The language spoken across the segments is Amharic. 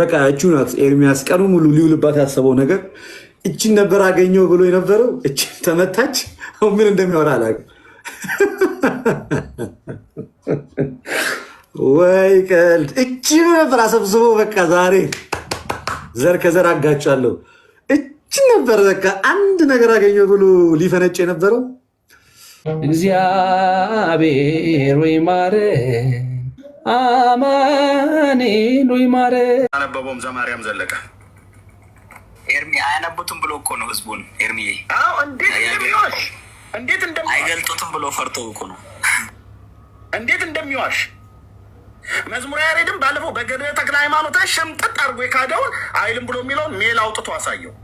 በቃ እቹ ናት። ኤርሚያስ ቀኑ ሙሉ ሊውልባት ያሰበው ነገር እችን ነበር አገኘው ብሎ የነበረው እችን ተመታች። ምን እንደሚወራ አላውቅም። ወይ ቀልድ! እችን ነበር አሰብስቦ በቃ ዛሬ ዘር ከዘር አጋጫለሁ። እች ነበር በቃ አንድ ነገር አገኘው ብሎ ሊፈነጭ የነበረው እግዚአብሔር ወይ ማረ አማኑኤል ሆይ ማረን። አነበበውም ዘማርያም ዘለቀ ኤርሚ አያነቡትም ብሎ እኮ ነው ህዝቡን ኤርሚ እንዴት አይገልጡትም ብሎ ፈርቶ እኮ ነው እንዴት እንደሚዋሽ መዝሙረ ያሬድም ባለፈው በገድለ ተክለ ሃይማኖት ላይ ሸምጠጥ አድርጎ የካደውን አይልም ብሎ የሚለውን ሜል አውጥቶ አሳየው።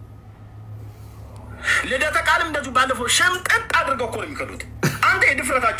ልደተ ቃልም እንደዚሁ ባለፈው ሸምጠጥ አድርገው እኮ ነው የሚከዱት። አንተ የድፍረታቸው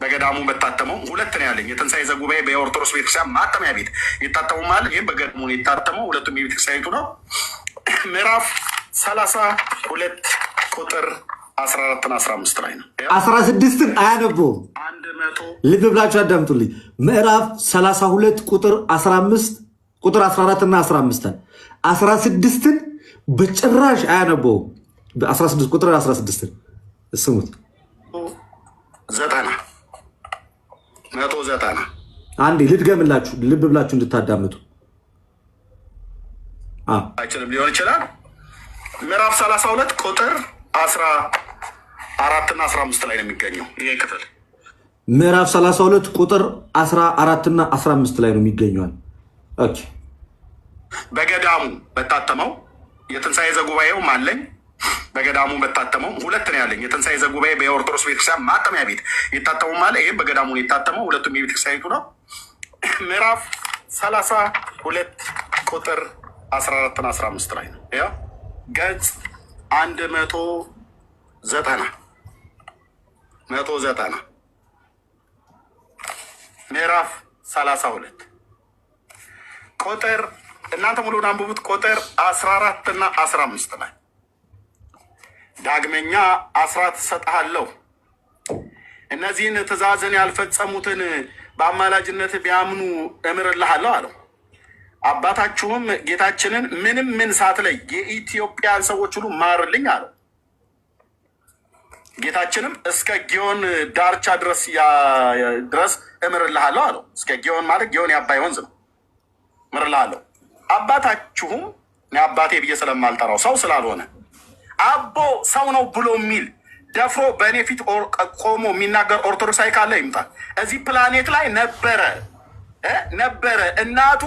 በገዳሙ መታተመው ሁለት ነው ያለኝ። የትንሣኤ ዘጉባኤ በኦርቶዶክስ ቤተክርስቲያን ማተሚያ ቤት ይታተሙማል። ይህም በገዳሙ የታተመው ሁለቱም የቤተክርስቲያኒቱ ነው። ምዕራፍ ሰላሳ ሁለት ቁጥር አስራ አራትና አስራ አምስት ላይ ነው። አስራ ስድስትን አንድ መቶ ልብ ብላችሁ አዳምጡልኝ። ምዕራፍ ሰላሳ ሁለት ቁጥር አስራ አምስት ቁጥር አስራ አራትና አስራ አምስትን አስራ ስድስትን በጭራሽ አስራ ስድስት ቁጥር አስራ ስድስትን ስሙት። መቶ ዘጠና አንዴ ልድገምላችሁ ልብ ብላችሁ እንድታዳምጡ አይችልም ሊሆን ይችላል። ምዕራፍ 32 ቁጥር 14 እና 15 ላይ ነው የሚገኘው ይሄ ክፍል ምዕራፍ 32 ቁጥር 14 እና 15 ላይ ነው የሚገኘዋል። ኦኬ በገዳሙ በታተመው የትንሣኤ ዘጉባኤው ማለኝ በገዳሙ በታተመው ሁለት ነው ያለኝ። የትንሣኤ ዘጉባኤ በኦርቶዶክስ ቤተክርስቲያን ማተሚያ ቤት የታተሙ ማለ ይህ በገዳሙ የታተመው ሁለቱም የቤተክርስቲያኒቱ ነው። ምዕራፍ ሰላሳ ሁለት ቁጥር አስራ አራትና አስራ አምስት ላይ ነው ያ ገጽ አንድ መቶ ዘጠና መቶ ዘጠና ምዕራፍ ሰላሳ ሁለት ቁጥር እናንተ ሙሉውን አንብቡት ቁጥር አስራ አራትና አስራ አምስት ላይ ዳግመኛ አስራት እሰጥሃለሁ። እነዚህን ትእዛዝን ያልፈጸሙትን በአማላጅነት ቢያምኑ እምርልሃለሁ አለው። አባታችሁም ጌታችንን ምንም ምን ሳትለይ የኢትዮጵያን ሰዎች ሁሉ ማርልኝ አለው። ጌታችንም እስከ ጊዮን ዳርቻ ድረስ ድረስ እምርልሃለሁ አለው። እስከ ጊዮን ማለት ጊዮን የአባይ ወንዝ ነው። እምርልሃለሁ አባታችሁም አባቴ ብዬ ስለማልጠራው ሰው ስላልሆነ አቦ ሰው ነው ብሎ የሚል ደፍሮ በእኔ ፊት ቆሞ የሚናገር ኦርቶዶክሳዊ ካለ ይምጣል። እዚህ ፕላኔት ላይ ነበረ ነበረ እናቱ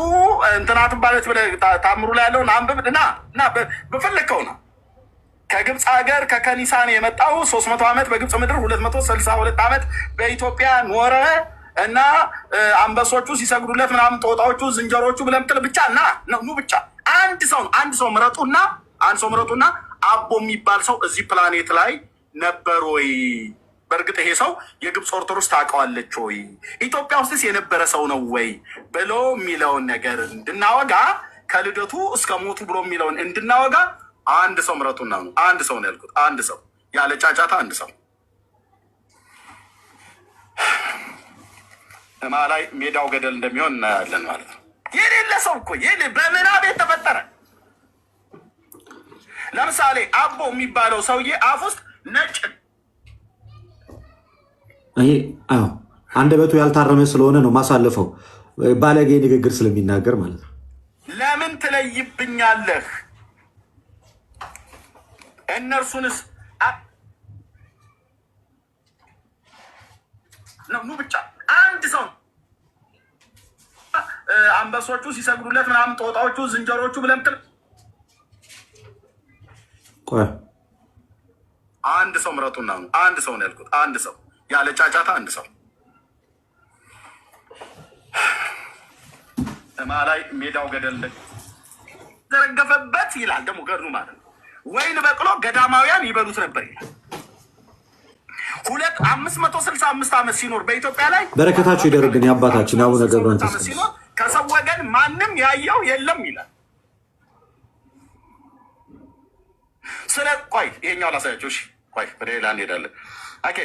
እንትናትን ባለት ብለ ታምሩ ላይ ያለውን አንብብ እና እና በፈለግከው ነው። ከግብፅ ሀገር ከከኒሳን የመጣው ሶስት መቶ ዓመት በግብፅ ምድር ሁለት መቶ ስልሳ ሁለት ዓመት በኢትዮጵያ ኖረ እና አንበሶቹ ሲሰግዱለት ምናምን ጦጣዎቹ ዝንጀሮቹ ብለምትል ብቻ እና ኑ ብቻ አንድ ሰው አንድ ሰው ምረጡና አንድ ሰው ምረጡና አቦ የሚባል ሰው እዚህ ፕላኔት ላይ ነበር ወይ? በእርግጥ ይሄ ሰው የግብፅ ኦርቶዶክስ ታውቀዋለች ወይ? ኢትዮጵያ ውስጥስ የነበረ ሰው ነው ወይ ብሎ የሚለውን ነገር እንድናወጋ ከልደቱ እስከ ሞቱ ብሎ የሚለውን እንድናወጋ አንድ ሰው ምረጡና ነው። አንድ ሰው ነው ያልኩት። አንድ ሰው ያለ ጫጫታ አንድ ሰው እማ ላይ ሜዳው ገደል እንደሚሆን እናያለን ማለት ነው። የሌለ ሰው እኮ በምዕራብ የተፈጠረ ለምሳሌ አቦ የሚባለው ሰውዬ አፍ ውስጥ ነጭ ይሄ አዎ አንደበቱ ያልታረመ ስለሆነ ነው ማሳለፈው ባለጌ ንግግር ስለሚናገር ማለት ነው። ለምን ትለይብኛለህ? እነርሱንስ ነው ኑ ብቻ አንድ ሰው አንበሶቹ ሲሰግዱለት ምናምን ጦጣዎቹ ዝንጀሮቹ ብለምትል አንድ ሰው ምረጡና አንድ ሰው ነው ያልኩት። አንድ ሰው ያለ ጫጫታ አንድ ሰው እማ ላይ ሜዳው ገደል ዘረገፈበት ይላል። ደግሞ ገድሉ ማለት ነው። ወይን በቅሎ ገዳማውያን ይበሉት ነበር ይላል። ሁለት አምስት መቶ ስልሳ አምስት ዓመት ሲኖር በኢትዮጵያ ላይ በረከታቸው ይደርግን የአባታችን አቡነ ገብረ ሲኖር ከሰው ወገን ማንም ያየው የለም ይላል ስለ ቆይ ይሄኛው ላሳያቸው። እሺ ቆይ ወደ ሌላ እንሄዳለን። ኦኬ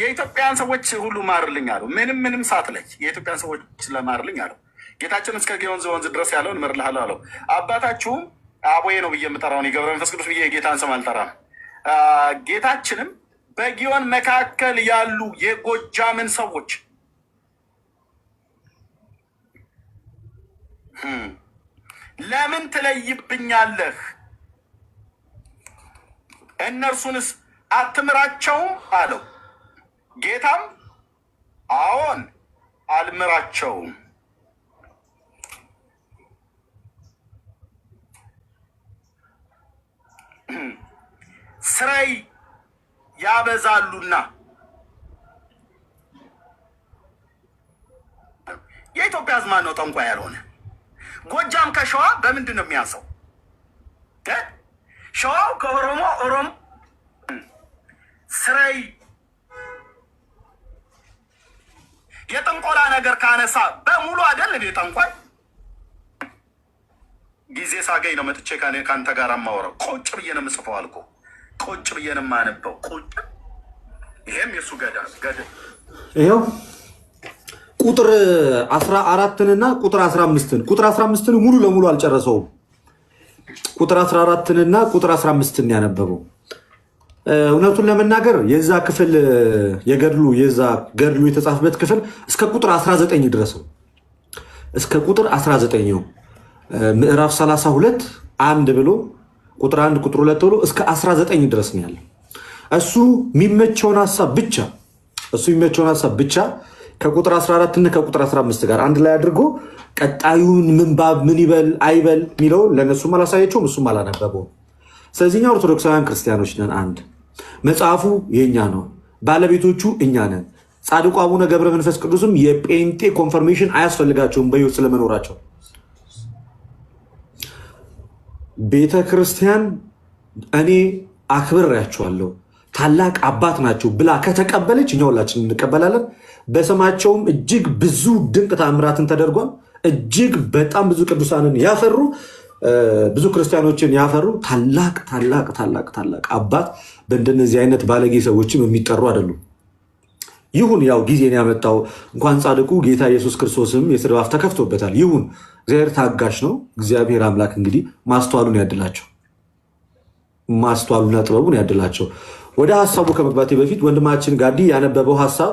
የኢትዮጵያን ሰዎች ሁሉ ማርልኝ አለው። ምንም ምንም ላይ የኢትዮጵያን ሰዎች ለማርልኝ አለው። ጌታችን እስከ ጊዮን ወንዝ ድረስ ያለውን እምርልሃለሁ አለው። አባታችሁም አቦዬ ነው ብዬ የምጠራውን የገብረ መንፈስ ቅዱስ ብዬ የጌታን ስም አልጠራም። ጌታችንም በጊዮን መካከል ያሉ የጎጃምን ሰዎች ለምን ትለይብኛለህ? እነርሱንስ አትምራቸውም አለው። ጌታም አዎን አልምራቸውም ስራይ ያበዛሉና የኢትዮጵያ ሕዝብ ማን ነው ጠንቋይ ያልሆነ? ጎጃም ከሸዋ በምንድን ነው የሚያሰው? ሸዋው ከኦሮሞ ኦሮሞ ስራይ የጥንቆላ ነገር ካነሳ በሙሉ አይደል እንዴ ጠንቋይ። ጊዜ ሳገኝ ነው መጥቼ ከአንተ ጋር ማወራው። ቆጭ ብዬ ነው የምጽፈው አልኮ ቆጭ ብዬ ነው የማነበው። ቆጭ ይሄም የእሱ ገዳ ገዳ ይኸው ቁጥር አስራ አራትንና ቁጥር አስራ አምስትን ቁጥር አስራ አምስትን ሙሉ ለሙሉ አልጨረሰውም። ቁጥር 14ንና ቁጥር 15ን ያነበበው። እውነቱን ለመናገር የዛ ክፍል የገድሉ የዛ ገድሉ የተጻፈበት ክፍል እስከ ቁጥር 19 ድረሰው እስከ ቁጥር 19 ምዕራፍ 32 አንድ ብሎ ቁጥር አንድ ቁጥር ሁለት ብሎ እስከ 19 ድረስ ነው ያለው። እሱ የሚመቸውን ሀሳብ ብቻ እሱ የሚመቸውን ሀሳብ ብቻ ከቁጥር 14 እና ከቁጥር 15 ጋር አንድ ላይ አድርጎ ቀጣዩን ምንባብ ምን ይበል አይበል የሚለው ለእነሱም አላሳየችውም፣ እሱም አላነበበውም። ስለዚህ ኦርቶዶክሳውያን ክርስቲያኖች ነን። አንድ መጽሐፉ የእኛ ነው፣ ባለቤቶቹ እኛ ነን። ጻድቁ አቡነ ገብረ መንፈስ ቅዱስም የጴንጤ ኮንፈርሜሽን አያስፈልጋቸውም በህይወት ስለመኖራቸው ቤተ ክርስቲያን እኔ አክብሬያቸዋለሁ። ታላቅ አባት ናቸው ብላ ከተቀበለች እኛ ሁላችን እንቀበላለን። በስማቸውም እጅግ ብዙ ድንቅ ታምራትን ተደርጓል። እጅግ በጣም ብዙ ቅዱሳንን ያፈሩ ብዙ ክርስቲያኖችን ያፈሩ ታላቅ ታላቅ ታላቅ ታላቅ አባት በእንደነዚህ አይነት ባለጌ ሰዎችም የሚጠሩ አይደሉም። ይሁን ያው ጊዜን ያመጣው እንኳን ጻድቁ ጌታ ኢየሱስ ክርስቶስም የስድብ አፍ ተከፍቶበታል። ይሁን እግዚአብሔር ታጋሽ ነው። እግዚአብሔር አምላክ እንግዲህ ማስተዋሉን ያድላቸው፣ ማስተዋሉና ጥበቡን ያድላቸው። ወደ ሀሳቡ ከመግባቴ በፊት ወንድማችን ጋዲ ያነበበው ሀሳብ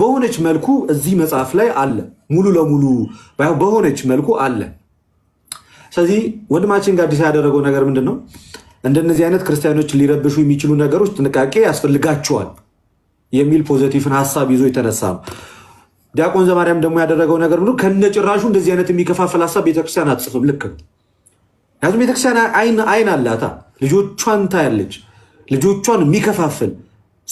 በሆነች መልኩ እዚህ መጽሐፍ ላይ አለ፣ ሙሉ ለሙሉ በሆነች መልኩ አለ። ስለዚህ ወንድማችን ጋዲ ያደረገው ነገር ምንድን ነው? እንደነዚህ አይነት ክርስቲያኖች ሊረብሹ የሚችሉ ነገሮች ጥንቃቄ ያስፈልጋቸዋል የሚል ፖዘቲቭን ሀሳብ ይዞ የተነሳ ነው። ዲያቆን ዘማርያም ደግሞ ያደረገው ነገር ምንድን ነው? ከነጭራሹ እንደዚህ አይነት የሚከፋፈል ሀሳብ ቤተክርስቲያን አትጽፍም። ልክ ነው። ምክንያቱም ቤተክርስቲያን አይን አላታ ልጆቿን ታያለች። ልጆቿን የሚከፋፍል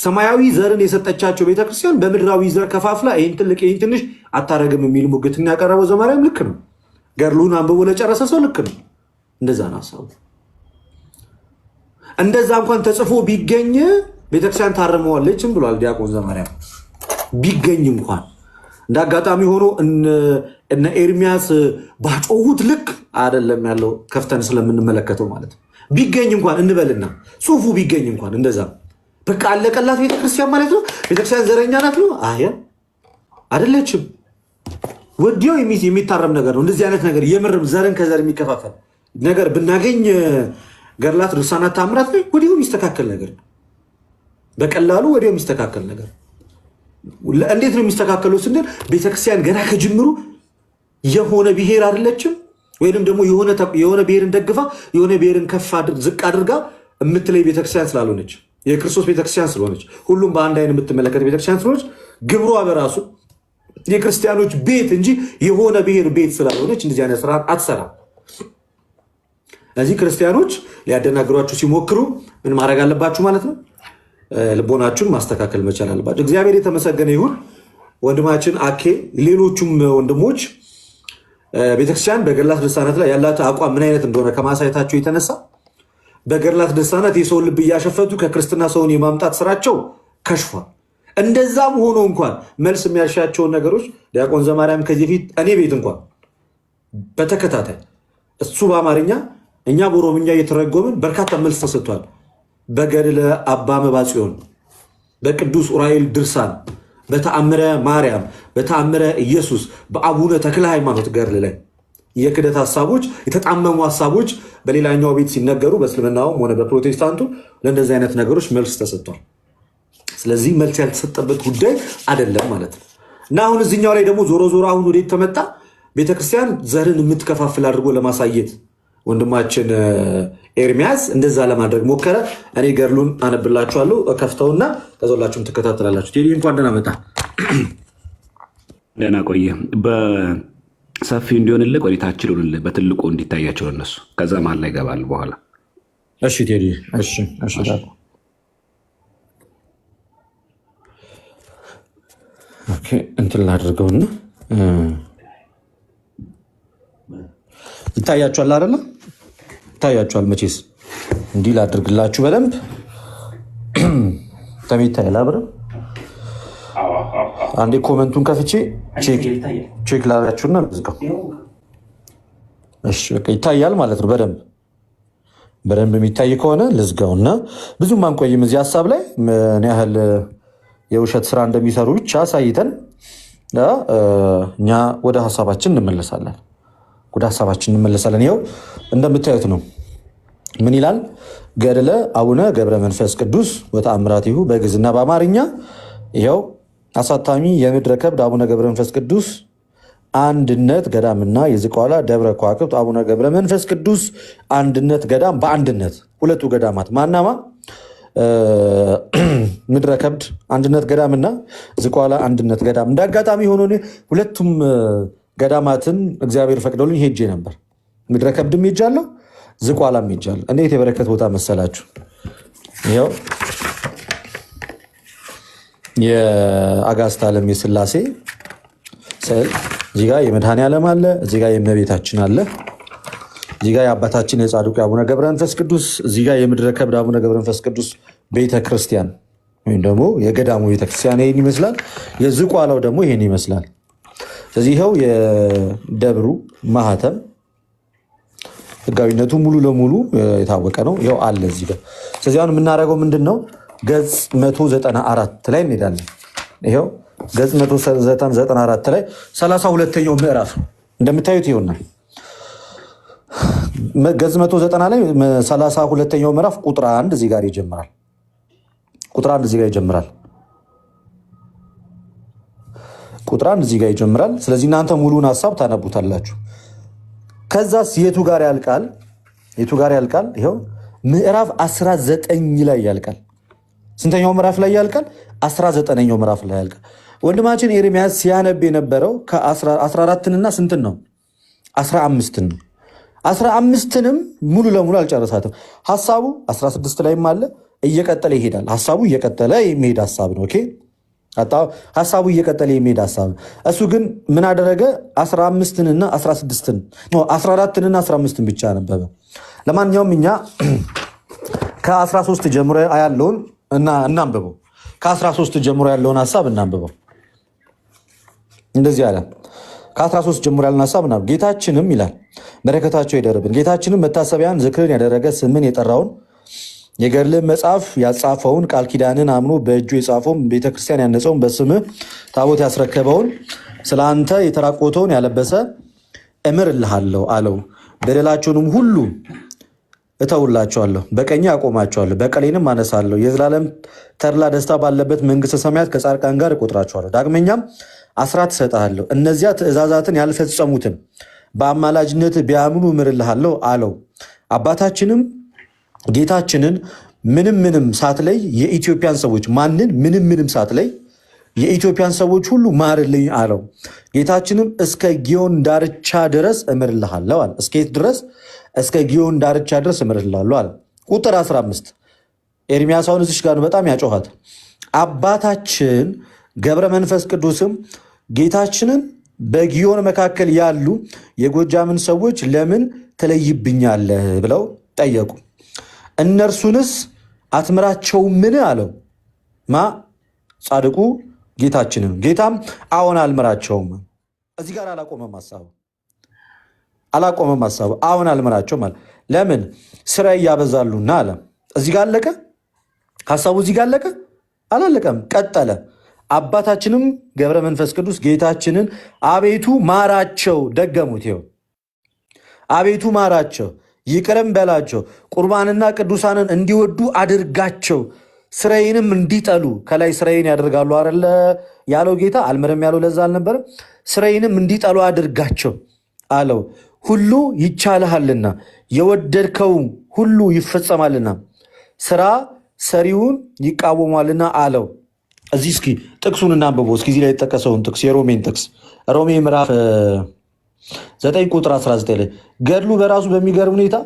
ሰማያዊ ዘርን የሰጠቻቸው ቤተክርስቲያን በምድራዊ ዘር ከፋፍላ ይህን ትልቅ ይህን ትንሽ አታረግም የሚል ሙግት ያቀረበው ዘማርያም ልክ ነው። ገድሉን አንብቦ ለጨረሰ ሰው ልክ ነው። እንደዛ ነው ሀሳቡ። እንደዛ እንኳን ተጽፎ ቢገኝ ቤተክርስቲያን ታርመዋለችም ብሏል ዲያቆን ዘማርያም ቢገኝ እንኳን እንደ አጋጣሚ ሆኖ እነ ኤርሚያስ ባጮሁት ልክ አይደለም ያለው ከፍተን ስለምንመለከተው ማለት ነው። ቢገኝ እንኳን እንበልና ጽሁፉ ቢገኝ እንኳን እንደዛ በቃ አለቀላት ቤተክርስቲያን ማለት ነው። ቤተክርስቲያን ዘረኛ ናት ነው አየ አይደለችም። ወዲያው የሚታረም ነገር ነው። እንደዚህ አይነት ነገር የምርም ዘርን ከዘር የሚከፋፈል ነገር ብናገኝ ገድላት፣ ድርሳናት፣ ታምራት ላይ ወዲሁ የሚስተካከል ነገር ነው። በቀላሉ ወዲያው የሚስተካከል ነገር እንዴት ነው የሚስተካከለው ስንል ቤተክርስቲያን ገና ከጅምሩ የሆነ ብሔር አይደለችም ወይንም ደግሞ የሆነ ብሔርን ደግፋ የሆነ ብሔርን ከፍ ዝቅ አድርጋ የምትለይ ቤተክርስቲያን ስላልሆነች የክርስቶስ ቤተክርስቲያን ስለሆነች ሁሉም በአንድ አይን የምትመለከት ቤተክርስቲያን ስለሆነች ግብሯ በራሱ የክርስቲያኖች ቤት እንጂ የሆነ ብሔር ቤት ስላልሆነች እንደዚህ አይነት ስራ አትሰራም። እዚህ ክርስቲያኖች ሊያደናግሯችሁ ሲሞክሩ ምን ማድረግ አለባችሁ ማለት ነው? ልቦናችሁን ማስተካከል መቻል አለባችሁ። እግዚአብሔር የተመሰገነ ይሁን። ወንድማችን አኬ፣ ሌሎቹም ወንድሞች ቤተክርስቲያን በገድላት ድርሳናት ላይ ያላት አቋም ምን አይነት እንደሆነ ከማሳየታቸው የተነሳ በገድላት ድርሳናት የሰውን ልብ እያሸፈቱ ከክርስትና ሰውን የማምጣት ስራቸው ከሽፏል። እንደዛም ሆኖ እንኳን መልስ የሚያሻቸውን ነገሮች ዲያቆን ዘማርያም ከዚህ በፊት እኔ ቤት እንኳን በተከታታይ እሱ በአማርኛ እኛ በኦሮምኛ እየተረጎምን በርካታ መልስ ተሰጥቷል። በገድለ አባ መባጽዮን፣ በቅዱስ ዑራኤል ድርሳን በተአምረ ማርያም በተአምረ ኢየሱስ በአቡነ ተክለ ሃይማኖት ገርል ላይ የክደት ሀሳቦች የተጣመሙ ሀሳቦች በሌላኛው ቤት ሲነገሩ በእስልምናውም ሆነ በፕሮቴስታንቱ ለእንደዚህ አይነት ነገሮች መልስ ተሰጥቷል። ስለዚህ መልስ ያልተሰጠበት ጉዳይ አይደለም ማለት ነው እና አሁን እዚኛው ላይ ደግሞ ዞሮ ዞሮ አሁን ወዴት ተመጣ? ቤተክርስቲያን ዘርን የምትከፋፍል አድርጎ ለማሳየት ወንድማችን ኤርሚያስ እንደዛ ለማድረግ ሞከረ። እኔ ገድሉን አነብላችኋለሁ ከፍተውና ከዞላችሁም ትከታተላላችሁ። ቴዲ እንኳን ደህና መጣ፣ ደህና ቆየ። በሰፊ እንዲሆንልህ ቆይታች ልሆንልህ በትልቁ እንዲታያቸው እነሱ ከዛ መሀል ላይ ይገባል በኋላ። እሺ ቴዲ እሺ እሺ እንትን ላድርገውና ይታያችኋል አይደለም ይታያችኋል። መቼስ እንዲህ ላድርግላችሁ በደንብ ተሜታይል አብረን አንዴ ኮመንቱን ከፍቼ ቼክ ላድርጋችሁና ልዝጋው። ይታያል ማለት ነው። በደንብ በደንብ የሚታይ ከሆነ ልዝጋው እና ብዙም አንቆይም። እዚህ ሀሳብ ላይ ምን ያህል የውሸት ስራ እንደሚሰሩ ብቻ አሳይተን እኛ ወደ ሀሳባችን እንመለሳለን። ወደ ሀሳባችን እንመለሳለን። ይኸው እንደምታዩት ነው። ምን ይላል? ገድለ አቡነ ገብረ መንፈስ ቅዱስ ወተአምራቲሁ በግዕዝና በአማርኛ ይኸው አሳታሚ የምድረ ከብድ አቡነ ገብረ መንፈስ ቅዱስ አንድነት ገዳምና የዝቋላ ደብረ ከዋክብት አቡነ ገብረ መንፈስ ቅዱስ አንድነት ገዳም በአንድነት ሁለቱ ገዳማት ማናማ ምድረ ከብድ አንድነት ገዳምና ዝቋላ አንድነት ገዳም እንዳጋጣሚ አጋጣሚ ሆኖ ሁለቱም ገዳማትን እግዚአብሔር ፈቅደውልኝ ሄጄ ነበር። ምድረ ከብድም ሄጃለሁ፣ ዝቋላም ሄጃለሁ። እንዴት የበረከት ቦታ መሰላችሁ! ይኸው የአጋስት ዓለም የስላሴ ስዕል እዚህ ጋ የመድኃኔ ዓለም አለ፣ እዚህ የእመቤታችን አለ፣ እዚህ የአባታችን የጻድቁ የአቡነ ገብረ መንፈስ ቅዱስ፣ እዚህ ጋ የምድረ ከብድ አቡነ ገብረ መንፈስ ቅዱስ ቤተ ክርስቲያን ወይም ደግሞ የገዳሙ ቤተክርስቲያን ይህን ይመስላል። የዝቋላው ደግሞ ይህን ይመስላል። ስለዚህ ይኸው የደብሩ ማህተም ህጋዊነቱ ሙሉ ለሙሉ የታወቀ ነው። ይኸው አለ እዚህ ጋር። ስለዚህ አሁን የምናደርገው ምንድን ነው? ገጽ 194 ላይ እንሄዳለን። ይኸው ገጽ 194 ላይ 32ኛው ምዕራፍ እንደምታዩት ይሆና ገጽ 190 ላይ 32ኛው ምዕራፍ ቁጥር አንድ እዚህ ጋር ይጀምራል። ቁጥር አንድ እዚህ ጋር ይጀምራል። ቁጥር አንድ እዚህ ጋር ይጀምራል። ስለዚህ እናንተ ሙሉን ሀሳብ ታነቡታላችሁ። ከዛስ የቱ ጋር ያልቃል? የቱ ጋር ያልቃል? ይኸው ምዕራፍ 19 ላይ ያልቃል። ስንተኛው ምዕራፍ ላይ ያልቃል? 19ኛው ምዕራፍ ላይ ያልቃል። ወንድማችን ኤርሚያስ ሲያነብ የነበረው ከ14ንና ስንትን ነው? 15ን ነው። 15ንም ሙሉ ለሙሉ አልጨረሳትም። ሀሳቡ 16 ላይም አለ። እየቀጠለ ይሄዳል። ሀሳቡ እየቀጠለ የሚሄድ ሀሳብ ነው። ኦኬ ሀሳቡ እየቀጠለ የሚሄድ ሀሳብ እሱ ግን ምን አደረገ? 15ንና 16ን 14ንና 15ን ብቻ ነበበ። ለማንኛውም እኛ ከ13 ጀምሮ ያለውን እናንብበው። ከ13 ጀምሮ ያለውን ሀሳብ እናንብበው። እንደዚህ አለ። ከ13 ጀምሮ ያለን ሀሳብ ጌታችንም ይላል በረከታቸው ይደርብን። ጌታችንም መታሰቢያን ዝክርን ያደረገ ስምን የጠራውን የገድልህ መጽሐፍ ያጻፈውን ቃል ኪዳንን አምኖ በእጁ የጻፈውን ቤተ ክርስቲያን ያነጸውን በስምህ ታቦት ያስረከበውን ስለ አንተ የተራቆተውን ያለበሰ እምርልሃለሁ አለው። በደላቸውንም ሁሉ እተውላቸዋለሁ፣ በቀኝ አቆማቸዋለሁ፣ በቀሌንም አነሳለሁ። የዘላለም ተድላ ደስታ ባለበት መንግስተ ሰማያት ከጻድቃን ጋር እቆጥራቸዋለሁ። ዳግመኛም አስራት እሰጥሃለሁ። እነዚያ ትእዛዛትን ያልፈጸሙትን በአማላጅነት ቢያምኑ እምርልሃለሁ አለው። አባታችንም ጌታችንን ምንም ምንም ሰዓት ላይ የኢትዮጵያን ሰዎች ማንን ምንም ምንም ሰዓት ላይ የኢትዮጵያን ሰዎች ሁሉ ማርልኝ አለው። ጌታችንም እስከ ጊዮን ዳርቻ ድረስ እምርልሃለሁ አለ። እስከ እስከየት ድረስ? እስከ ጊዮን ዳርቻ ድረስ እምርልሃለሁ አለ። ቁጥር 15 ኤርሚያስ አሁን እዚሽ ጋር በጣም ያጮኋት። አባታችን ገብረ መንፈስ ቅዱስም ጌታችንን በጊዮን መካከል ያሉ የጎጃምን ሰዎች ለምን ትለይብኛለህ ብለው ጠየቁ። እነርሱንስ አትምራቸው ምን አለው ማ ጻድቁ ጌታችንም ጌታም አዎን አልምራቸውም። እዚህ ጋር አላቆመም ሀሳቡ አላቆመም ሀሳቡ አዎን አልምራቸውም አለ። ለምን ስራ እያበዛሉና አለ። እዚህ ጋር አለቀ ሀሳቡ። እዚህ ጋር አለቀ አላለቀም፣ ቀጠለ። አባታችንም ገብረ መንፈስ ቅዱስ ጌታችንን አቤቱ ማራቸው ደገሙት። ይኸው አቤቱ ማራቸው ይቅርም በላቸው፣ ቁርባንና ቅዱሳንን እንዲወዱ አድርጋቸው፣ ስራዬንም እንዲጠሉ። ከላይ ስራዬን ያደርጋሉ አለ ያለው ጌታ? አልምርም ያለው ለዛ አልነበረም? ስራዬንም እንዲጠሉ አድርጋቸው አለው። ሁሉ ይቻልሃልና የወደድከው ሁሉ ይፈጸማልና ስራ ሰሪውን ይቃወሟልና አለው። እዚህ እስኪ ጥቅሱን እናንብቦ። እስኪ እዚህ ላይ የተጠቀሰውን ጥቅስ የሮሜን ጥቅስ ሮሜ ምዕራፍ ዘጠኝ ቁጥር 19 ላይ ገድሉ በራሱ በሚገርም ሁኔታ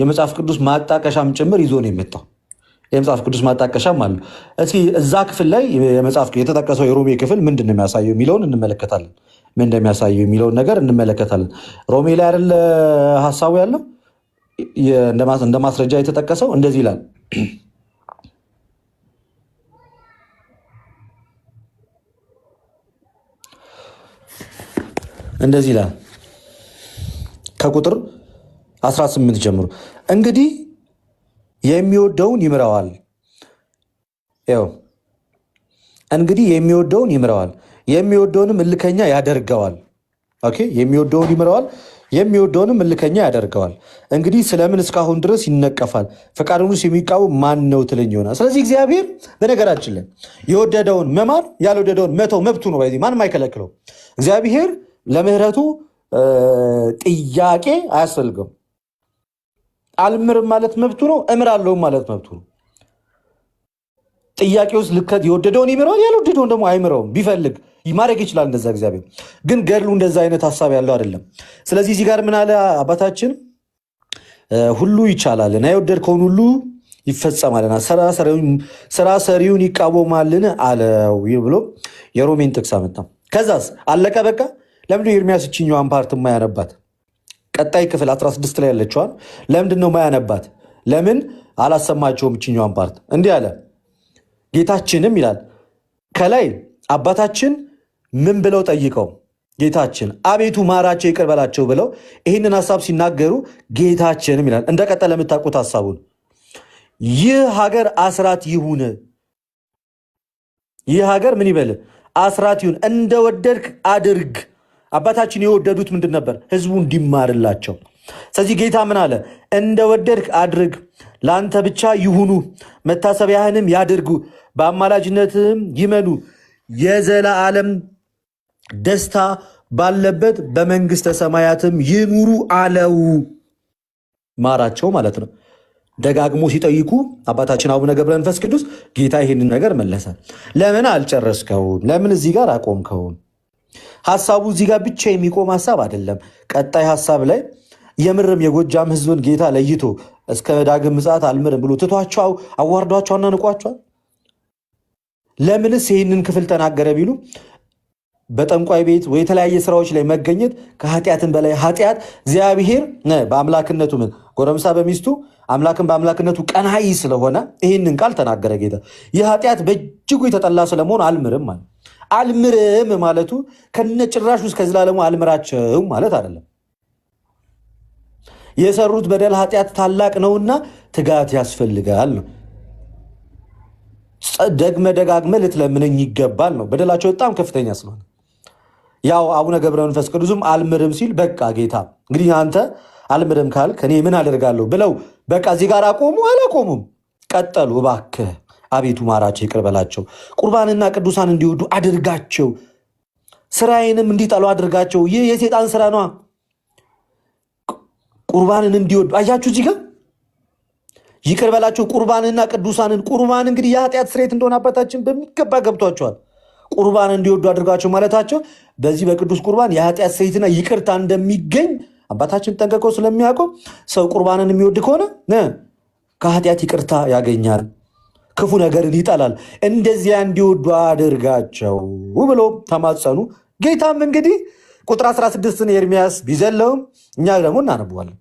የመጽሐፍ ቅዱስ ማጣቀሻም ጭምር ይዞ ነው የመጣው። የመጽሐፍ ቅዱስ ማጣቀሻም አለ። እስኪ እዛ ክፍል ላይ የመጽሐፍ የተጠቀሰው የሮሜ ክፍል ምንድን ነው የሚያሳየው የሚለውን እንመለከታለን። ምን እንደሚያሳየው የሚለውን ነገር እንመለከታለን። ሮሜ ላይ አይደለ ሀሳቡ ያለው እንደ ማስረጃ የተጠቀሰው እንደዚህ ይላል እንደዚህ ይላል ከቁጥር 18 ጀምሮ እንግዲህ የሚወደውን ይምረዋል። ያው እንግዲህ የሚወደውን ይምረዋል፣ የሚወደውንም እልከኛ ያደርገዋል። ኦኬ የሚወደውን ይምረዋል፣ የሚወደውንም እልከኛ ያደርገዋል። እንግዲህ ስለምን እስካሁን ድረስ ይነቀፋል? ፈቃዱንስ የሚቃወም ማን ነው ትለኝ ይሆናል። ስለዚህ እግዚአብሔር በነገራችን ላይ የወደደውን መማር ያልወደደውን መተው መብቱ ነው። ማንም አይከለክለው። እግዚአብሔር ለምህረቱ ጥያቄ አያስፈልግም። አልምርም ማለት መብቱ ነው። እምር አለው ማለት መብቱ ነው። ጥያቄ ውስጥ ልከት የወደደውን ይምረዋል፣ ያልወደደውን ደግሞ አይምረውም። ቢፈልግ ማድረግ ይችላል። እንደዛ እግዚአብሔር ግን ገድሉ እንደዛ አይነት ሀሳብ ያለው አይደለም። ስለዚህ እዚህ ጋር ምን አለ አባታችን? ሁሉ ይቻላልና የወደድከውን ሁሉ ይፈጸማልና ስራ ሰሪውን ይቃወማልን አለው ብሎ የሮሜን ጥቅስ አመጣ። ከዛስ አለቀ በቃ። ለምንድነው ኤርሚያስ እችኛዋን ፓርት የማያነባት? ቀጣይ ክፍል 16 ላይ ያለችዋን ለምንድን ነው ማያነባት? ለምን አላሰማቸውም? እችኛዋን ፓርት እንዲህ አለ። ጌታችንም ይላል ከላይ አባታችን ምን ብለው ጠይቀው ጌታችን አቤቱ ማራቸው ይቅር በላቸው ብለው ይህንን ሀሳብ ሲናገሩ ጌታችንም ይላል እንደቀጠለ የምታውቁት ሀሳቡን ይህ ሀገር አስራት ይሁን ይህ ሀገር ምን ይበል አስራት ይሁን እንደወደድክ አድርግ አባታችን የወደዱት ምንድን ነበር? ህዝቡ እንዲማርላቸው። ስለዚህ ጌታ ምን አለ? እንደ ወደድክ አድርግ፣ ለአንተ ብቻ ይሁኑ፣ መታሰቢያህንም ያድርጉ፣ በአማላጅነትህም ይመኑ፣ የዘላለም ደስታ ባለበት በመንግስተ ሰማያትም ይኑሩ አለው። ማራቸው ማለት ነው። ደጋግሞ ሲጠይቁ አባታችን አቡነ ገብረ መንፈስ ቅዱስ ጌታ ይህንን ነገር መለሰ። ለምን አልጨረስከውም? ለምን እዚህ ጋር አቆምከውም? ሀሳቡ እዚህ ጋር ብቻ የሚቆም ሀሳብ አይደለም። ቀጣይ ሀሳብ ላይ የምርም የጎጃም ህዝብን ጌታ ለይቶ እስከ ዳግም ምጽአት አልምርም ብሎ ትቷቸው አዋርዷቸውና ንቋቸዋል። ለምንስ ይህንን ክፍል ተናገረ ቢሉ በጠንቋይ ቤት ወይ የተለያየ ስራዎች ላይ መገኘት ከኃጢአትን በላይ ኃጢአት እግዚአብሔር በአምላክነቱ ምን ጎረምሳ በሚስቱ አምላክን በአምላክነቱ ቀናይ ስለሆነ ይህንን ቃል ተናገረ ጌታ። ይህ ኃጢአት በእጅጉ የተጠላ ስለመሆን አልምርም ማለት አልምርም ማለቱ ከነጭራሽ ውስጥ ከዘላለሙ አልምራቸው ማለት አይደለም። የሰሩት በደል ኃጢአት ታላቅ ነውና ትጋት ያስፈልጋል ነው። ደግመ ደጋግመ ልትለምነኝ ይገባል ነው። በደላቸው በጣም ከፍተኛ ስለሆነ ያው አቡነ ገብረ መንፈስ ቅዱስም አልምርም ሲል በቃ ጌታ እንግዲህ አንተ አልምርም ካልክ እኔ ምን አደርጋለሁ ብለው በቃ እዚህ ጋር አቆሙ። አላቆሙም፣ ቀጠሉ እባክህ አቤቱ ማራቸው፣ ይቅር በላቸው። ቁርባንና ቅዱሳን እንዲወዱ አድርጋቸው፣ ስራዬንም እንዲጠሉ አድርጋቸው። ይህ የሴጣን ስራ ነዋ። ቁርባንን እንዲወዱ አያችሁ፣ እዚህ ጋር ይቅር በላቸው ቁርባንና ቅዱሳንን። ቁርባን እንግዲህ የኃጢአት ስርየት እንደሆነ አባታችን በሚገባ ገብቷቸዋል። ቁርባን እንዲወዱ አድርጋቸው ማለታቸው በዚህ በቅዱስ ቁርባን የኃጢአት ስርየትና ይቅርታ እንደሚገኝ አባታችን ጠንቀቀው ስለሚያውቀው ሰው ቁርባንን የሚወድ ከሆነ ከኃጢአት ይቅርታ ያገኛል። ክፉ ነገርን ይጠላል፣ እንደዚያ እንዲወዱ አድርጋቸው ብሎ ተማጸኑ። ጌታም እንግዲህ ቁጥር 16ን ኤርሚያስ ቢዘለውም እኛ ደግሞ እናነበዋለን።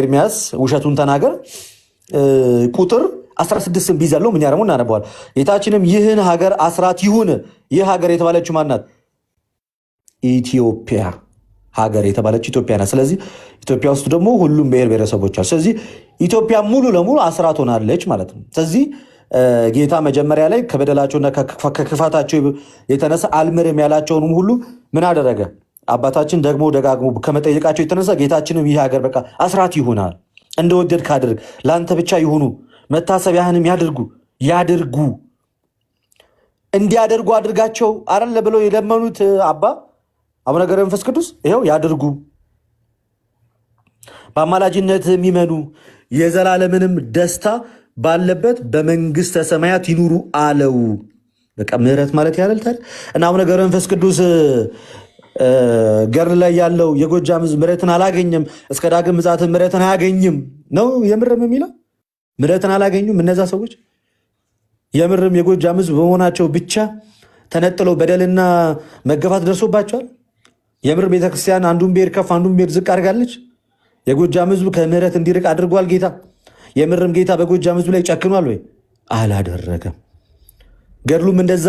ኤርሚያስ ውሸቱን ተናገር ቁጥር 16ን ቢዘለው እኛ ደግሞ እናነበዋል። ጌታችንም ይህን ሀገር አስራት ይሁን። ይህ ሀገር የተባለችው ማናት? ኢትዮጵያ ሀገር የተባለች ኢትዮጵያ ናት። ስለዚህ ኢትዮጵያ ውስጥ ደግሞ ሁሉም ብሔር ብሔረሰቦች አሉ። ስለዚህ ኢትዮጵያ ሙሉ ለሙሉ አስራ ትሆናለች ማለት ነው። ስለዚህ ጌታ መጀመሪያ ላይ ከበደላቸውና ከክፋታቸው የተነሳ አልምርም ያላቸውንም ሁሉ ምን አደረገ? አባታችን ደግሞ ደጋግሞ ከመጠየቃቸው የተነሳ ጌታችንም ይህ ሀገር በቃ አስራት ይሆናል፣ እንደወደድ ካድርግ፣ ለአንተ ብቻ ይሁኑ፣ መታሰቢያህንም ያድርጉ ያድርጉ እንዲያደርጉ አድርጋቸው አረለ ብለው የለመኑት አባ አቡነ ገብረ መንፈስ ቅዱስ ይኸው ያድርጉ በአማላጅነት የሚመኑ የዘላለምንም ደስታ ባለበት በመንግስተ ሰማያት ይኑሩ አለው። በቃ ምሕረት ማለት ያለልታል እና አቡነ ገብረ መንፈስ ቅዱስ ገር ላይ ያለው የጎጃም ምዝ ምሕረትን አላገኘም፣ እስከ ዳግም ምጽአት ምሕረትን አያገኝም ነው የምርም የሚለው ምሕረትን አላገኙም። እነዛ ሰዎች የምርም የጎጃም ምዝ በመሆናቸው ብቻ ተነጥለው በደልና መገፋት ደርሶባቸዋል። የምር ቤተክርስቲያን አንዱን ብሄር ከፍ አንዱን ብሄር ዝቅ አድርጋለች። የጎጃም ህዝብ ከምህረት እንዲርቅ አድርጓል ጌታ። የምርም ጌታ በጎጃም ህዝብ ላይ ጨክኗል ወይ? አላደረገም። ገድሉም እንደዛ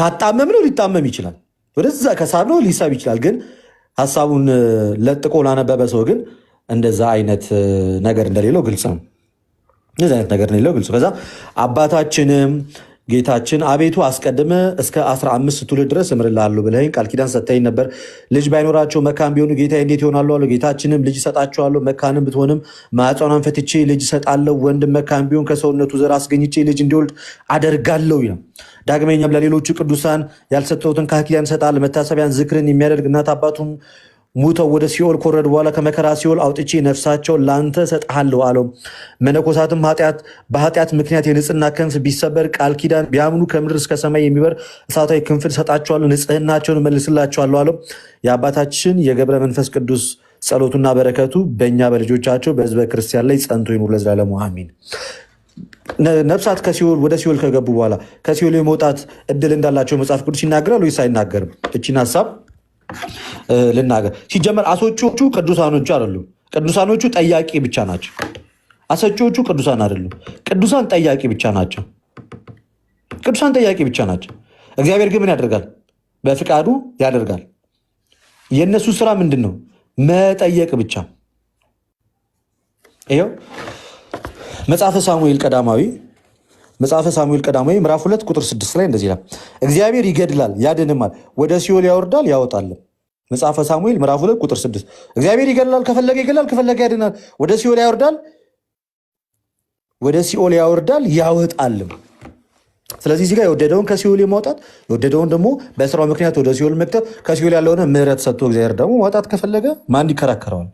ካጣመም ነው ሊጣመም ይችላል፣ ወደዛ ከሳብ ነው ሊሳብ ይችላል። ግን ሀሳቡን ለጥቆ ላነበበ ሰው ግን እንደዛ አይነት ነገር እንደሌለው ግልጽ ነው። እንደዚህ አይነት ነገር እንደሌለው ግልጽ ከዛ አባታችንም ጌታችን አቤቱ አስቀድመ እስከ 15 ትውልድ ድረስ እምርልሃለሁ ብለኸኝ ቃል ኪዳን ሰጥተኸኝ ነበር። ልጅ ባይኖራቸው መካን ቢሆኑ ጌታ እንዴት ይሆናሉ አለው። ጌታችንም ልጅ እሰጣቸዋለሁ፣ መካንም ብትሆንም ማኅፀኗን ፈትቼ ልጅ እሰጣለሁ፣ ወንድም መካን ቢሆን ከሰውነቱ ዘር አስገኝቼ ልጅ እንዲወልድ አደርጋለሁ ይላል። ዳግመኛም ለሌሎቹ ቅዱሳን ያልሰጠሁትን ቃል ኪዳን እሰጣለሁ፣ መታሰቢያን ዝክርን የሚያደርግ እናት አባቱም ሙተው ወደ ሲኦል ከወረዱ በኋላ ከመከራ ሲኦል አውጥቼ ነፍሳቸውን ለአንተ ሰጥሃለሁ አለው። መነኮሳትም በኃጢአት ምክንያት የንጽህና ክንፍ ቢሰበር ቃል ኪዳን ቢያምኑ ከምድር እስከ ሰማይ የሚበር እሳታዊ ክንፍል ሰጣቸዋለሁ፣ ንጽህናቸውን መልስላቸዋለሁ አለው። የአባታችን የገብረ መንፈስ ቅዱስ ጸሎቱና በረከቱ በእኛ በልጆቻቸው በህዝበ ክርስቲያን ላይ ጸንቶ ይኑር ለዘላለሙ አሚን። ነፍሳት ከሲኦል ወደ ሲኦል ከገቡ በኋላ ከሲኦል የመውጣት እድል እንዳላቸው መጽሐፍ ቅዱስ ይናገራል ወይስ አይናገርም? እቺን ሀሳብ ልናገር። ሲጀመር አሶቹ ቅዱሳኖቹ አይደሉም። ቅዱሳኖቹ ጠያቂ ብቻ ናቸው። አሶቹዎቹ ቅዱሳን አይደሉም። ቅዱሳን ጠያቂ ብቻ ናቸው። ቅዱሳን ጠያቂ ብቻ ናቸው። እግዚአብሔር ግን ምን ያደርጋል? በፍቃዱ ያደርጋል። የእነሱ ስራ ምንድን ነው? መጠየቅ ብቻ። ይኸው መጽሐፈ ሳሙኤል ቀዳማዊ መጽሐፈ ሳሙኤል ቀዳማዊ ምዕራፍ ሁለት ቁጥር ስድስት ላይ እንደዚህ ይላል፣ እግዚአብሔር ይገድላል ያድንማል፣ ወደ ሲኦል ያወርዳል ያወጣልም። መጽሐፈ ሳሙኤል ምዕራፍ ሁለት ቁጥር ስድስት እግዚአብሔር ይገላል፣ ከፈለገ ይገላል፣ ከፈለገ ያድናል፣ ወደ ሲኦል ያወርዳል፣ ወደ ሲኦል ያወርዳል ያወጣልም። ስለዚህ እዚህ ጋር የወደደውን ከሲኦል የማውጣት የወደደውን ደግሞ በስራው ምክንያት ወደ ሲኦል መክተት፣ ከሲኦል ያለሆነ ምሕረት ሰጥቶ እግዚአብሔር ደግሞ ማውጣት ከፈለገ ማን ይከራከረዋል?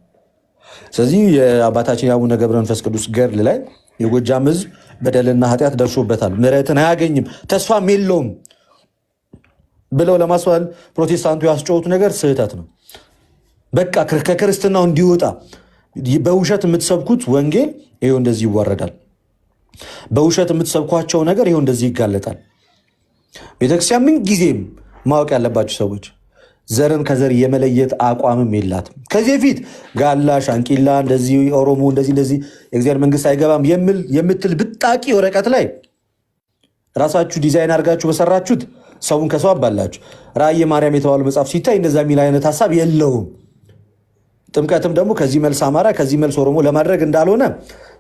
ስለዚህ የአባታችን የአቡነ ገብረ መንፈስ ቅዱስ ገድል ላይ የጎጃም ሕዝብ በደልና ኃጢአት ደርሶበታል። ምሕረትን አያገኝም፣ ተስፋም የለውም። ብለው ለማስዋል ፕሮቴስታንቱ ያስጨወቱ ነገር ስህተት ነው። በቃ ከክርስትናው እንዲወጣ በውሸት የምትሰብኩት ወንጌል ይሄው እንደዚህ ይዋረዳል። በውሸት የምትሰብኳቸው ነገር ይሄው እንደዚህ ይጋለጣል። ቤተክርስቲያን ምን ጊዜም ማወቅ ያለባቸው ሰዎች ዘርን ከዘር የመለየት አቋምም የላትም። ከዚህ በፊት ጋላ ሻንቂላ፣ እንደዚህ ኦሮሞ፣ እንደዚህ እንደዚህ የእግዚአብሔር መንግስት አይገባም የምትል ብጣቂ ወረቀት ላይ ራሳችሁ ዲዛይን አድርጋችሁ በሰራችሁት ሰውን ከሰው አባላችሁ። ራእየ ማርያም የተባለው መጽሐፍ ሲታይ እንደዛ የሚል አይነት ሀሳብ የለውም። ጥምቀትም ደግሞ ከዚህ መልስ አማራ ከዚህ መልስ ኦሮሞ ለማድረግ እንዳልሆነ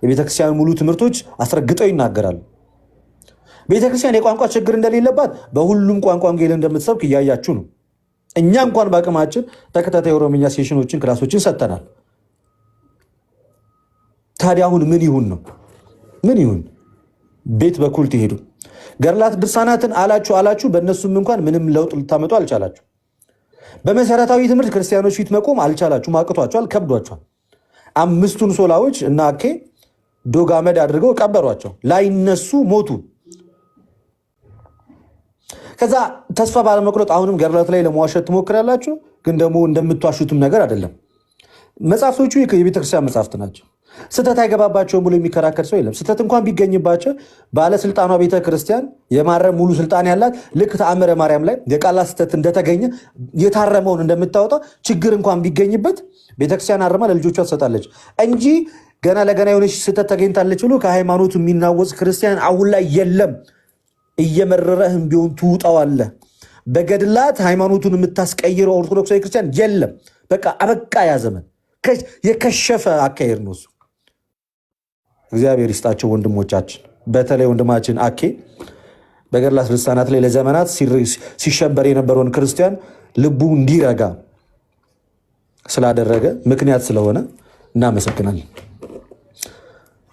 የቤተክርስቲያን ሙሉ ትምህርቶች አስረግጠው ይናገራሉ። ቤተክርስቲያን የቋንቋ ችግር እንደሌለባት በሁሉም ቋንቋ ወንጌል እንደምትሰብክ እያያችሁ ነው። እኛ እንኳን በአቅማችን ተከታታይ ኦሮምኛ ሴሽኖችን፣ ክላሶችን ሰጥተናል። ታዲያ አሁን ምን ይሁን ነው? ምን ይሁን ቤት በኩል ትሄዱ ገርላት ድርሳናትን አላችሁ አላችሁ፣ በእነሱም እንኳን ምንም ለውጥ ልታመጡ አልቻላችሁ። በመሰረታዊ ትምህርት ክርስቲያኖች ፊት መቆም አልቻላችሁም፣ አቅቷችኋል፣ ከብዷችኋል። አምስቱን ሶላዎች እና አኬ ዶጋመድ አድርገው ቀበሯቸው፣ ላይነሱ ሞቱ። ከዛ ተስፋ ባለመቁረጥ አሁንም ገርላት ላይ ለመዋሸት ትሞክራላችሁ፣ ግን ደግሞ እንደምትዋሹትም ነገር አይደለም። መጽሐፍቶቹ የቤተክርስቲያን መጽሐፍት ናቸው። ስህተት አይገባባቸውም ብሎ የሚከራከር ሰው የለም። ስህተት እንኳን ቢገኝባቸው ባለስልጣኗ ቤተ ክርስቲያን የማረም ሙሉ ስልጣን ያላት ልክ ተአምረ ማርያም ላይ የቃላ ስህተት እንደተገኘ የታረመውን እንደምታወጣ ችግር እንኳን ቢገኝበት ቤተክርስቲያን አርማ ለልጆቿ ትሰጣለች እንጂ ገና ለገና የሆነች ስህተት ተገኝታለች ብሎ ከሃይማኖቱ የሚናወጽ ክርስቲያን አሁን ላይ የለም። እየመረረህም ቢሆን ትውጠዋለህ። በገድላት ሃይማኖቱን የምታስቀይረው ኦርቶዶክሳዊ ክርስቲያን የለም። በቃ አበቃ። ያ ዘመን የከሸፈ አካሄድ ነው እሱ። እግዚአብሔር ይስጣቸው ወንድሞቻችን። በተለይ ወንድማችን አኬ በገድላት ልሳናት ላይ ለዘመናት ሲሸበር የነበረውን ክርስቲያን ልቡ እንዲረጋ ስላደረገ ምክንያት ስለሆነ እናመሰግናለን።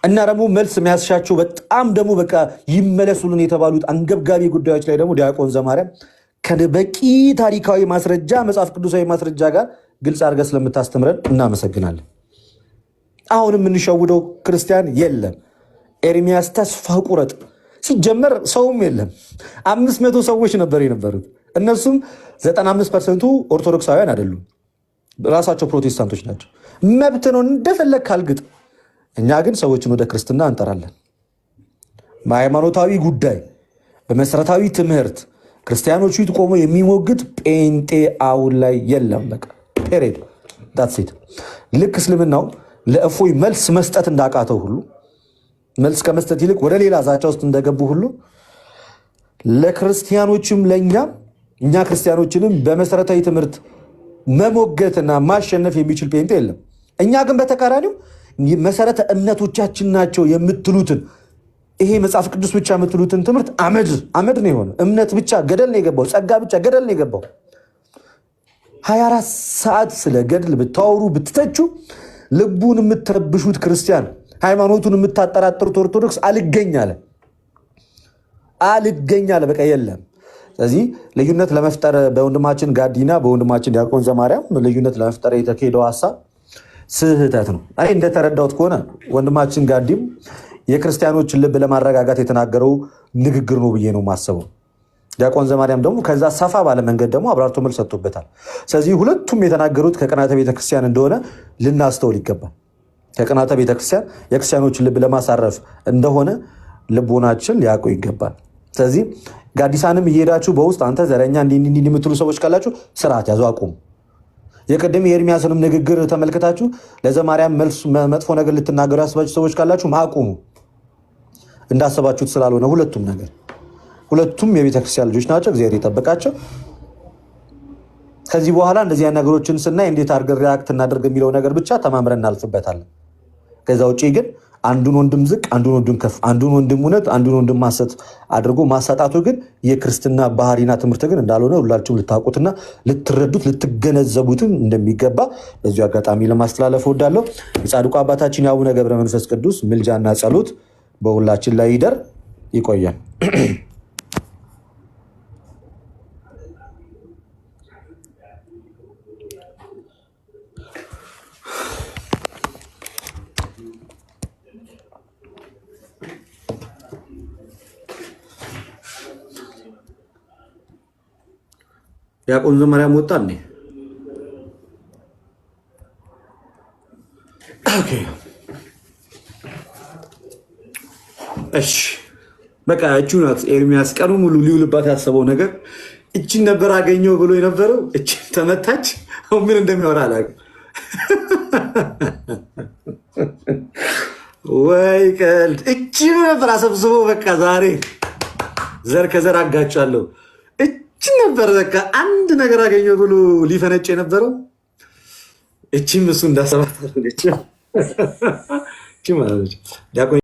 እና ደግሞ መልስ የሚያስሻቸው በጣም ደግሞ በቃ ይመለሱልን የተባሉት አንገብጋቢ ጉዳዮች ላይ ደግሞ ዲያቆን ዘማርያም ከበቂ ታሪካዊ ማስረጃ መጽሐፍ ቅዱሳዊ ማስረጃ ጋር ግልጽ አድርገህ ስለምታስተምረን እናመሰግናለን። አሁን የምንሸውደው ክርስቲያን የለም። ኤርሚያስ ተስፋ ቁረጥ። ሲጀመር ሰውም የለም። አምስት መቶ ሰዎች ነበር የነበሩት። እነሱም ዘጠና ፐርሰንቱ ኦርቶዶክሳውያን አይደሉም፣ ራሳቸው ፕሮቴስታንቶች ናቸው። መብት ነው፣ እንደፈለግ ካልግጥ። እኛ ግን ሰዎችን ወደ ክርስትና እንጠራለን። በሃይማኖታዊ ጉዳይ፣ በመሰረታዊ ትምህርት ክርስቲያኖቹ ቆሞ የሚሞግት ጴንጤ አሁን ላይ የለም። በቃ ፔሬድ ዳትሴት ልክ እስልምናው ለእፎይ መልስ መስጠት እንዳቃተው ሁሉ መልስ ከመስጠት ይልቅ ወደ ሌላ ዛቻ ውስጥ እንደገቡ ሁሉ ለክርስቲያኖችም ለእኛም እኛ ክርስቲያኖችንም በመሰረታዊ ትምህርት መሞገትና ማሸነፍ የሚችል ጴንጤ የለም። እኛ ግን በተቃራኒው መሰረተ እምነቶቻችን ናቸው የምትሉትን ይሄ መጽሐፍ ቅዱስ ብቻ የምትሉትን ትምህርት አመድ አመድ ነው የሆነ እምነት ብቻ ገደል ነው የገባው። ጸጋ ብቻ ገደል ነው የገባው። 24 ሰዓት ስለ ገድል ብታወሩ ብትተቹ ልቡን የምትረብሹት ክርስቲያን፣ ሃይማኖቱን የምታጠራጥሩት ኦርቶዶክስ አልገኝ አለ አልገኝ አለ። በቃ የለም። ስለዚህ ልዩነት ለመፍጠር በወንድማችን ጋዲና በወንድማችን ዲያቆን ዘማርያም ልዩነት ለመፍጠር የተካሄደው ሀሳብ ስህተት ነው። እኔ እንደተረዳሁት ከሆነ ወንድማችን ጋዲም የክርስቲያኖችን ልብ ለማረጋጋት የተናገረው ንግግር ነው ብዬ ነው የማስበው። ዲያቆን ዘማርያም ደግሞ ከዛ ሰፋ ባለ መንገድ ደግሞ አብራርቶ መልስ ሰጥቶበታል። ስለዚህ ሁለቱም የተናገሩት ከቅናተ ቤተክርስቲያን እንደሆነ ልናስተውል ይገባል። ከቅናተ ቤተክርስቲያን የክርስቲያኖችን ልብ ለማሳረፍ እንደሆነ ልቦናችን ሊያውቁ ይገባል። ስለዚህ ጋዲሳንም እየሄዳችሁ በውስጥ አንተ ዘረኛ እንዲህ የምትሉ ሰዎች ካላችሁ ስርዓት ያዙ፣ አቁሙ። የቅድም የኤርሚያስንም ንግግር ተመልክታችሁ ለዘማርያም መጥፎ ነገር ልትናገሩ ያስባችሁ ሰዎች ካላችሁ ማቁሙ፣ እንዳሰባችሁት ስላልሆነ ሁለቱም ነገር ሁለቱም የቤተ ክርስቲያን ልጆች ናቸው። እግዚአብሔር የጠበቃቸው። ከዚህ በኋላ እንደዚህ ነገሮችን ስናይ እንዴት አድርገን ሪያክት እናደርግ የሚለው ነገር ብቻ ተማምረን እናልፍበታለን። ከዛ ውጭ ግን አንዱን ወንድም ዝቅ፣ አንዱን ወንድም ከፍ፣ አንዱን ወንድም እውነት፣ አንዱን ወንድም ማሰት አድርጎ ማሳጣቱ ግን የክርስትና ባህሪና ትምህርት ግን እንዳልሆነ ሁላችሁም ልታውቁትና ልትረዱት ልትገነዘቡትም እንደሚገባ በዚሁ አጋጣሚ ለማስተላለፍ እወዳለሁ። የጻድቁ አባታችን የአቡነ ገብረ መንፈስ ቅዱስ ምልጃና ጸሎት በሁላችን ላይ ይደር። ይቆያል። ዲያቆን ዘማርያም ወጣ እንዴ? ኦኬ እሺ፣ በቃ እቺ ናት። ኤርሚያስ ቀኑ ሙሉ ሊውልባት ያሰበው ነገር እቺን ነበር አገኘው ብሎ የነበረው እችን ተመታች። ምን እንደሚያወራ አላውቅም። ወይ ቀልድ! እችን ነበር አሰብስቦ በቃ ዛሬ ዘር ከዘር አጋጫለሁ። እችን ነበር በቃ አንድ ነገር አገኘ ብሎ ሊፈነጭ የነበረው እቺም እሱ እንዳሰባት ዳቆ